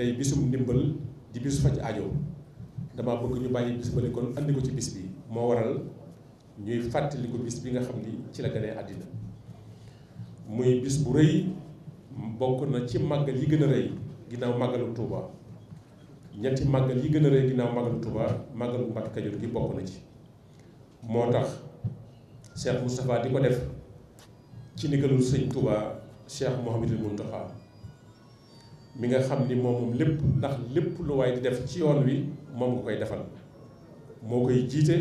day bisum ndimbal di bisu faj ajo damaa bëgg ñu bàyyi bis ba kon andi ko ci bis bi moo waral ñuy fàttali bis bi nga xam ni ci la ganee àddina muy bis bu rëy bokk na ci màggal yi gën a rëy ginnaaw màggalu Touba ñetti màggal yi gën a rëy ginnaaw màggalu Touba màggalu Mbàkke Kajoor gi bokk na ci moo tax Cheikh Moustapha di ko def ci ndigalul sëñ Touba Cheikh Mouhamadul Mountakha mi nga xam ni moom lépp ndax lépp lu waay di def ci yoon wi moom nga koy defal moo koy jiite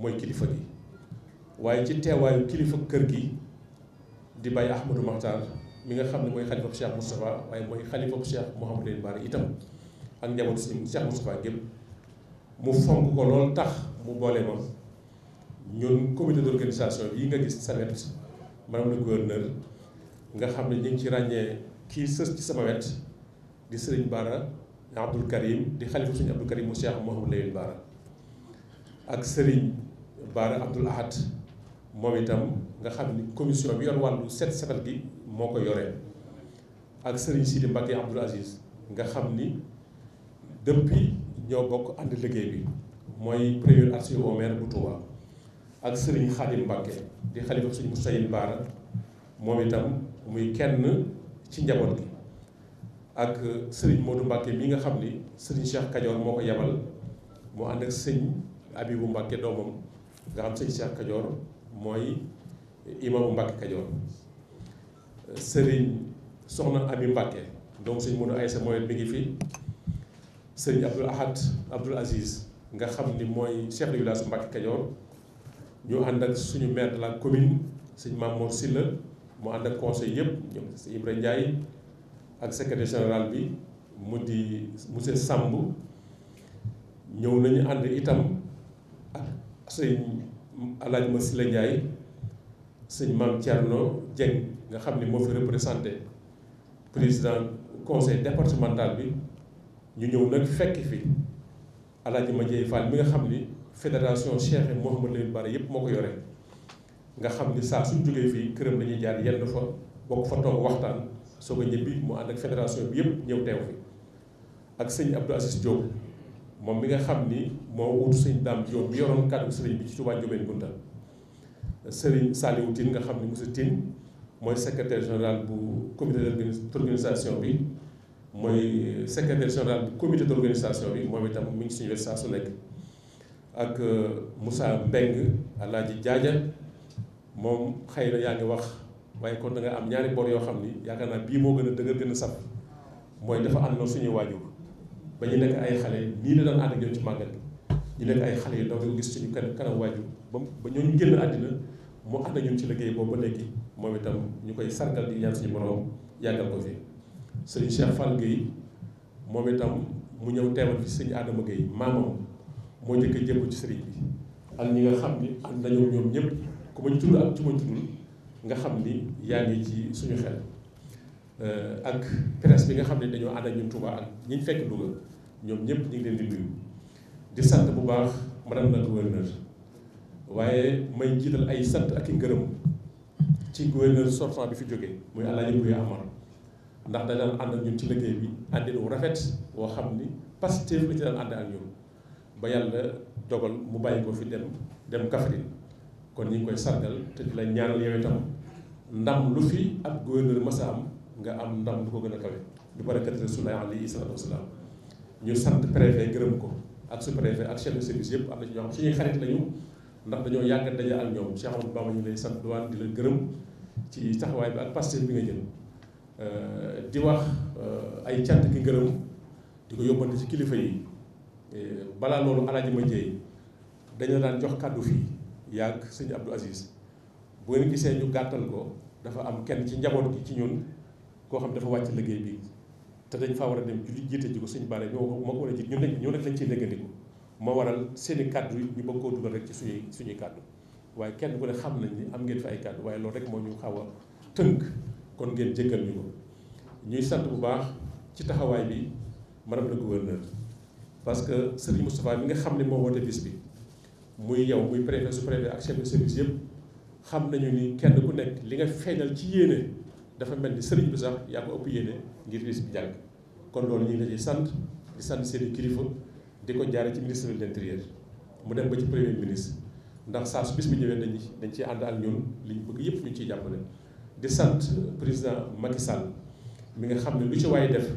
mooy kilifa gi waaye ci teewaayu kilifa kër gi di Baye Ahmadou Makhtar mi nga xam ne mooy xalifa bu Cheikh Moustapha waaye mooy xalifa bu Cheikh Mouhamadou Bara itam ak njabootu si Cheikh Moustapha gépp mu fonk ko loolu tax mu boole ma ñun comité d'organisation yi nga gis sa wet madame le nga xam ne ñu ngi ci ràññee kii sës ci sama wet di sëriñ Bara Abdul Karim di xalifa suñu Abdul Karim mu Cheikh Mouhamadou Lamine Bara ak sëriñ Bara Abdul Ahad moom itam nga xam ni commission bi yor wàllu set setal gi moo ko yore ak sëriñ Sidi Mbacke Abdoul Aziz nga xam ni depuis ñoo bokk ànd liggéey bi mooy premier adjoint au maire bu Touba ak sëriñ Khadim Mbacke di xalifa suñu Moustapha Bara moom itam muy kenn ci njaboot gi ak Serigne Modou Mbacke mi nga xam ni Serigne Cheikh Kajoor moo ko yebal moo ànd ak sëñ abi bu Mbacke doomam nga xam sëñ Cheikh Kajoor mooy imaamu Mbacke Kajoor Serigne Soxna Ami Mbacke doomu sëñ Modou Aysa mooy mi ngi fi Serigne Abdoul Ahad Abdoul Aziz nga xam ni mooy chef de village Mbacke Kajoor ñu ànd ak suñu maire de la commune sëñ Mamour Sylla mu ànd ak conseil yëpp ñoom si Ibrahima Ndiaye ak secrétaire général bi mu di monsieur sàmb ñëw nañu ànd itam ak sëñ Alaaji Masila Ndiaye sëñ Mame Thierno Dieng nga xam ne moo fi représenté président conseil départemental bi ñu ñëw nag fekk fi Alaaji Madiaye Fall mi nga xam ni fédération Cheikh Mouhamadou Lamine Bara yëpp moo ko yore nga xam ni saa suñ jógee fii këram la ñuy jaar yenn fa bokk fa toog waxtaan soo a ñibbi mu ànd ak fédération bi yëpp ñëw teew fi ak sëñ Abdou Aziz Diop moom bi nga xam ni moo wutu sëñ Dame Diop bi yoroon kàddu sëriñ bi ci Touba Ndiobène Kounta sëriñ Saliou Tine nga xam ni monsieur Tine mooy secrétaire général bu comité d'organisation bi mooy secrétaire général bu comité d'organisation bi moom itam mi ngi suñu wet saa su nekk ak euh, Moussa Mbeng Alaaji Jaaja moom xëy na yaa ngi wax waaye kon da am ñaari bor yoo xam ni yaakaar naa bii moo gën a dëgër gën a saf mooy dafa ànd na suñuy waajur ba ñu nekk ay xale nii la daan ànd ak ñoom ci màggal ñu nekk ay xale yu ndaw yoo gis ci ñu kan kanam waajur ba ba ñooñu génn àddina mu ànd ak ñun ci liggéey boobu ba léegi moom itam ñu koy sargal di ñaan si borom yàggal ko fi sëriñ Cheikh Fall Gueye moom itam mu ñëw teewal fi sëriñ Adama Gueye maamam moo njëkk a ci sëriñ bi ak ñi xam ni ànd nañu ñëpp ku ma ñu tudd ak ku ñu tuddul nga xam ni yaa ngi ci suñu xel euh, ak presse bi nga xam ne dañoo ànd ak ñun Touba ak ñi ñu fekk Louga ñoom ñëpp ñu ngi leen di nuyu di sant bu baax ma la gouverneur waaye may jiital ay sant ak i ngërëmu ci gouverneur sortant bi fi jógee muy Alaaji Buya Amar ndax dañ daan ànd ñun ci liggéey bi àndin wu rafet woo xam ni Pastef la ci daan ànd ak ñun ba yàlla dogal mu bàyyi ko fi dem dem Kaffrine kon ñu ngi koy sargal te di la ñaanal yow itam ndam lu fi ab ma sa am nga am ndam lu ko gën a kawe bi barakat rasulullah alayhi salaatu wasalaam ñu sant préfet gërëm ko ak su préfet ak chef de service yëpp am na ci ñoo xam suñuy xarit lañu ndax dañoo yàgg daje ak ñoom Cheikh Amadou Bamba ñu lay sant duwaan di la gërëm ci taxawaay bi ak pasteur bi nga jël euh, di wax euh, ay cant ki gërëm di ko yóbbante ci kilifa yi balaa loolu alaaji ma jeey dañu daan jox kàddu fii yàgg sëñ Abdou Aziz boo leen gisee ñu gàttal ko dafa am kenn ci njaboot gi ci ñun koo xam ne dafa wàcc liggéey bi te dañ faa war a dem julli jiite ji ko sëñ Bara ñoo moo ko war a jiit ñun lañ ñun rek lañ ciy déggandiku moo waral seeni kàddu yi ñu bëgg koo dugal rek ci suñuy suñuy kàddu waaye kenn ku ne xam nañ ni am ngeen fi ay kàddu waaye loolu rek moo ñu xaw a tënk kon ngeen jéggal ñu ko ñuy sant bu baax ci taxawaay bi madame le gouverneur parce que Serigne Moustapha mi nga xam ne moo woote bi muy yow muy préfet su préfet ak chef de service yëpp xam nañu ni kenn ku nekk li nga feeñal ci yéene dafa mel ni sëriñ bi sax yaa ko ëpp yéene ngir jàng kon ñu sant sant seen kilifa di ko jaare ci ministre de l'intérieur mu dem ba ci premier ministre ndax saa su bis bi ñëwee dañ dañ ciy ànd ak ñun li ñu bëgg yëpp ñu ciy jàppale di sant président Macky mi nga xam ne lu ci waaye def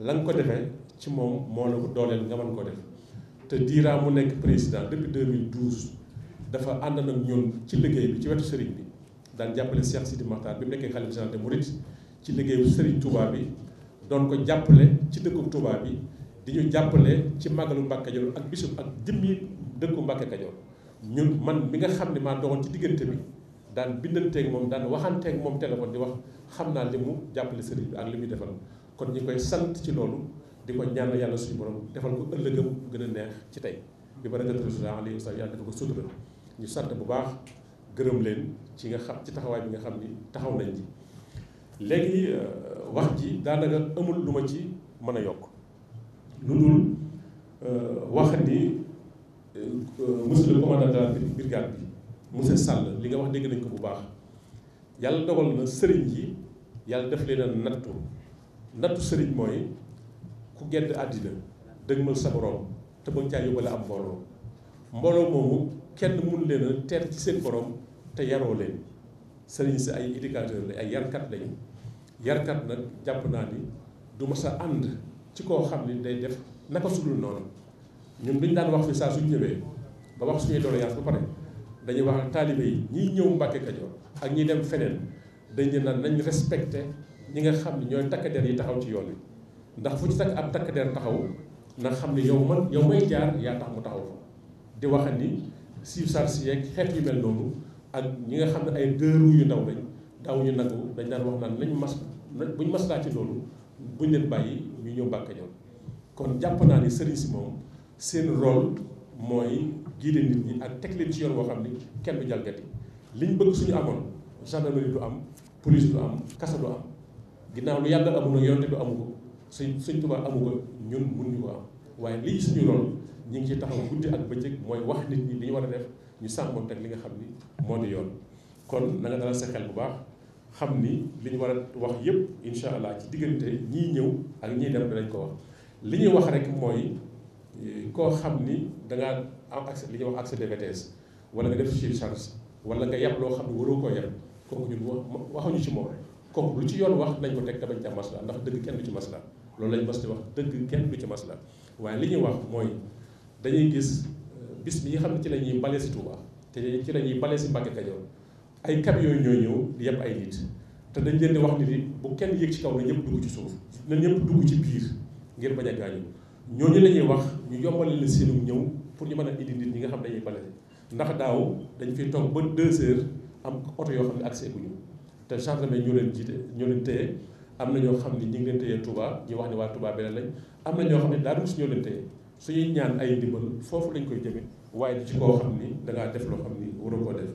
la nga ko defee ci moom moo la ko dooleel nga mën koo def te diiraa mu nekk président depuis 2012 dafa ànd nag ñun ci liggéey bi ci wetu sëriñ bi daan jàppale si di Makhtar bi mu nekkee xalifa général des Mourides ci liggéey bu sëriñ Touba bi doon ko jàppale ci dëkku Touba bi di ñu jàppale ci màggalu Mbàkke Kajoor ak bisum ak jëmmi dëkku Mbàkke Kajoor ñun man bi nga xam ne maa doxoon ci diggante bi daan bindanteeg moom daan waxanteeg moom téléphone di wax xam naa li mu jàppale sëriñ bi ak li muy defal kon ñi koy sant ci loolu di ko ñaan yàlla suñu borom defal ko ëllëgam gën a neex ci tey bi ba rajo Rasulullah alayhi wasallam yàlla dafa ko sutura ñu sant bu baax gërëm leen ci nga xam ci taxawaay bi nga xam ni taxaw nañ ci léegi euh, wax ji daanaka amul lu ma ci mën a yokk lu dul euh, wax ni euh, monsieur le commandant de la bi monsieur Sall li nga wax dégg nañ ko bu baax yàlla dogal na sëriñ yi yàlla def leen a nattu nattu sëriñ mooy ku gedd àddina dëgmal sa borom te bañ caa yóbbale am mbooloo mbooloo moomu kenn mun leen a ci seen borom te yaroo leen sëriñ si ay éducateur la ay yarkat lañu yarkat nag jàpp naa ni du ma sa ànd ci koo xam ni day def naka sudul noonu ñun dañu daan wax fi saa suñ ñëwee ba wax suñuy doléance ba pare dañuy wax ak taalibe yi ñiy ñëw Mbàkke Kajoor ak ñi dem feneen dañ dañu naan nañ respecté ñi nga xam ne ñooy takk der yi taxaw ci yoon wi ndax fu ci takk ab takk der taxaw na xam ne yow man yow may jaar yaa tax mu taxaw fa di wax ni si sar si yeeg xeet yu mel noonu ak ñi nga xam ne ay dëru yu ndaw lañ daawuñu nangu dañ daan wax naan nañ mas buñ maslaa ci loolu buñ leen bàyyi ñu ñëw Mbàkke Kajoor kon jàpp naa ne sëriñ si moom seen rôle mooy guider nit ñi ak teg leen ci yoon boo xam ni kenn bu jalgati liñ bëgg suñu amoon gendarmerie du am police du am kasa du am ginnaaw lu yàlla amul ak yoonte amu ko suñ suñ Tuubaa amu ko ñun mënuñu ñu am waaye lii suñu lool ñu ngi ci taxaw guddi ak bëccëg mooy wax nit ñi li ñu war a def ñu sàmmoon teg li nga xam ni moo di yoon kon na nga dalal sa xel bu baax xam ni li ñu war a wax yëpp incha allah ci diggante ñii ñëw ak ñii dem danañ ko wax li ñuy wax rek mooy eh, koo xam ni dangaa am accès li ñuy wax accès de vitesse nga def ci charge wala nga yab loo xam ne waroo koo yab kooku ñun waxuñu ci moom kooku lu ci yoon wax nañ ci masla loolu lañ mas di wax dëgg kenn du ci mas masla waaye li ñuy wax mooy dañuy gis euh, bis bi nga xam ne ci la ñuy bale si Touba te ci la ñuy bale si Mbàkke Kajoor ay yooyu ñoo ñëw di ay nit te dañ leen di wax nit yi bu kenn yëg ci kaw na ñëpp dugg ci suuf na ñëpp dugg ci biir ngir bañ a gaañu ñooñu la ñuy wax ñu yombal leen seenu ñëw pour ñu mën a indi nit ñi nga xam dañuy bale ndax daaw dañ fi toog ba deux heures am oto yoo xam ne accès bu ñu te gendarme leen jiite ñoo leen téye am na ñoo xam ne ñi ngi leen téye Touba ñi wax ne waa Touba beneen lañ am na ñoo xam ne daal mos ñoo leen téye suñuy ñaan ay ndimbal foofu lañ koy jëme waaye di ci koo xam ni da def loo xam ni waroo koo def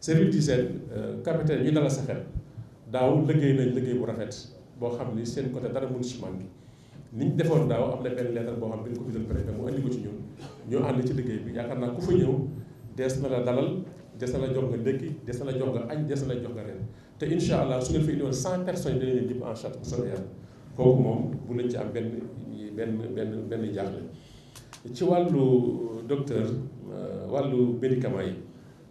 service d'hygiène euh, capitaine ñu dala sa xel daaw liggéey nañ liggéey bu rafet boo xam ni seen côté dara mun si manqué ni ñu defoon daaw am na benn lettre boo xam ne dañ ko bindal préfet mu andi ko ci ñun ñoo ànd ci liggéey bi yaakaar naa ku fa ñëw dees na la dalal des na la jox nga ndékki des na la jox nga añ des na la jox nga te incha allah su ngeen fa indiwoon cent personnes dina leen jëpp en kooku moom bu lañ ci am benn benn benn benn jaaxle ci wàllu euh, docteur euh, wàllu médicament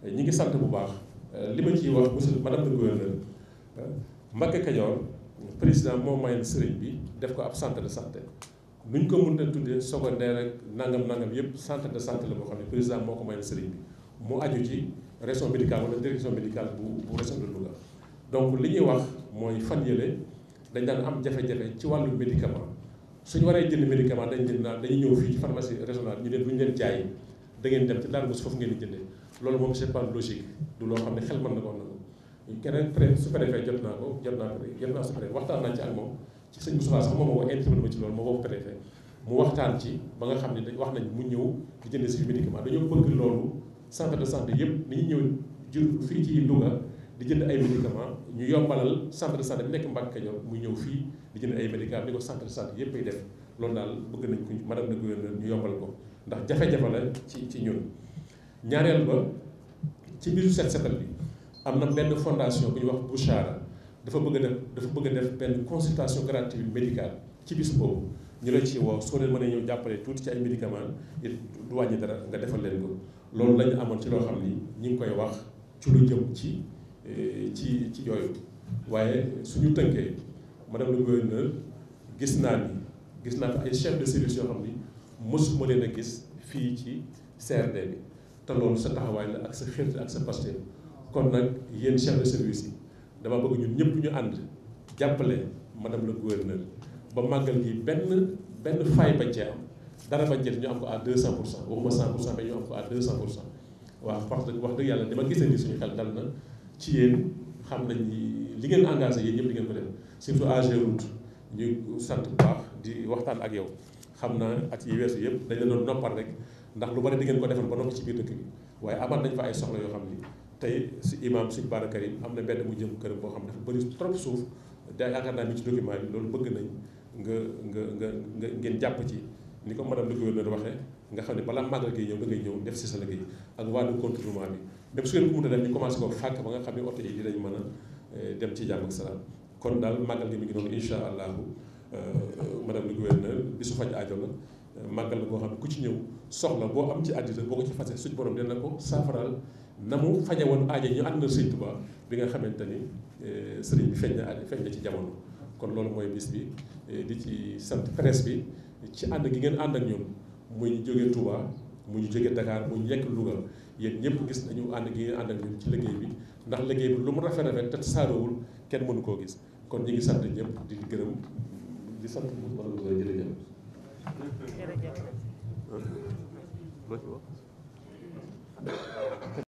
yi ñu ngi sant bu baax euh, li ma ciy wax monsieur madame le gouverneur Mbacké Kajoor président moo mayoon sëriñ bi def ko ab centre de santé nu ñu ko mën a tuddee secondaire ak nangam-nangam yëpp sante de santé la boo xam ne président moo ko mayoon sëriñ bi mu aju ci région médicale wala direction médicale bu bu région de Louga donc li ñuy wax mooy fan yële dañ daan am jafe-jafe ci wàllu médicament suñu waree jënd médicament dañ jënd naan dañuy ñëw fii ci pharmacie régionale ñu leen ñu leen jaay da ngeen dem ci daal mos foofu ngeen di jëndee loolu moom c'est pas loo xam ne xel mën na ko na keneen pré su préfet jot naa ko jot naa ko jot naa su préfet ak moom ci sëñ Moussa sax moom moo ko interpellé ma ci loolu moo mu waxtaan ci ba nga xam ne dañ wax nañ mu ñëw di jënd si médicament dañoo bëgg loolu centre de santé yëpp ni ñu ñëw jël fii ci Louga di jënd ay médicaments ñu yombalal centre de bi nekk Mbacke Kadior mu ñëw fii di jënd ay médicaments ni ko centre de santé yëpp ay def loolu daal bëgg nañ ko madame le gouverneur ñu yombal ko ndax jafe ci ci ñun. ñaareel ba ci biir set setal bi am na benn fondation bu ñuy wax Bouchara dafa bëgg a dafa bëgg a def benn consultation gratuite médicale ci bis boobu ñu la ci woo soo leen mënee ñëw jàppalee tuuti ci ay médicament it du wàññi dara nga defal leen ko loolu la amoon ci loo xam ni ñu ngi koy wax ci lu jëm ci. Eh, ci ci yooyu waaye suñu tënkee madame le gouverneur gis naa ni gis naa fi ay chef de service yoo xam ni mësuma leen a gis fii ci CRD bi te loolu sa taxawaay la ak sa xirte ak sa paste kon nag yéen chef de service yi dama bëgg ñun ñëpp ñu ànd jàppale madame le gouverneur ba màggal gi benn benn fay bañ cee am dara bañ cee ñu am ko à 200 pour cent waxuma 100 pour cent mais ñu am ko à 200 pour cent waaw wax dëgg yàlla dama gisee ni suñu xel ci yéen xam na ñi li ngeen engagé yéen ñëpp di ngeen ko def surtout AG route ñu sant bu baax di waxtaan ak yow xam naa at yi weesu yëpp dañ la doon noppal rek ndax lu bari di ngeen ko defal ba noppi ci biir dëkk bi waaye amaat nañ fa ay soxla yoo xam ni tey si imam suñ Bara Karim am na benn mu jëm këram boo xam dafa bëri trop suuf da yaakaar naa mi ci loolu bëgg nañ nga nga nga nga ngeen jàpp ci ni ko madame le gouverneur waxee nga xam ne balaa màggal gi ñëw da ngay ñëw def si sa liggéey ak wàllu contournement bi dem su ngeen ko mën a def ñu commencé ko fàkk ba nga xam ne oto yi dinañ mën a euh, dem ci jàmm ak salaam kon daal màggal gi mi ngi noonu incha allahu euh, madame le gouverneur bi su faj aajo la euh, màggal la boo xam ne ku ci ñëw soxla boo am ci àddina boo ko ci fase suñ borom na ko saafaraal na mu faje woon aajo ñu ànd na sëñ Tuubaa bi nga xamante ni sëriñ bi feeñ na feeñ na ci jamono kon loolu mooy bis bi di ci sant presse bi ci ànd gi ngeen ànd ak ñoom mu ñu jógee Touba mu ñu jógee Dakar mu ñu yekk Louga yéen ñëpp gis nañu ànd gi ngeen ànd ak ci liggéey bi ndax liggéey bi lu mu rafet rafet te saaroowul kenn mënu koo gis kon ñu ngi sant ñëpp di gërëm di sant jërëjëf jërëjëf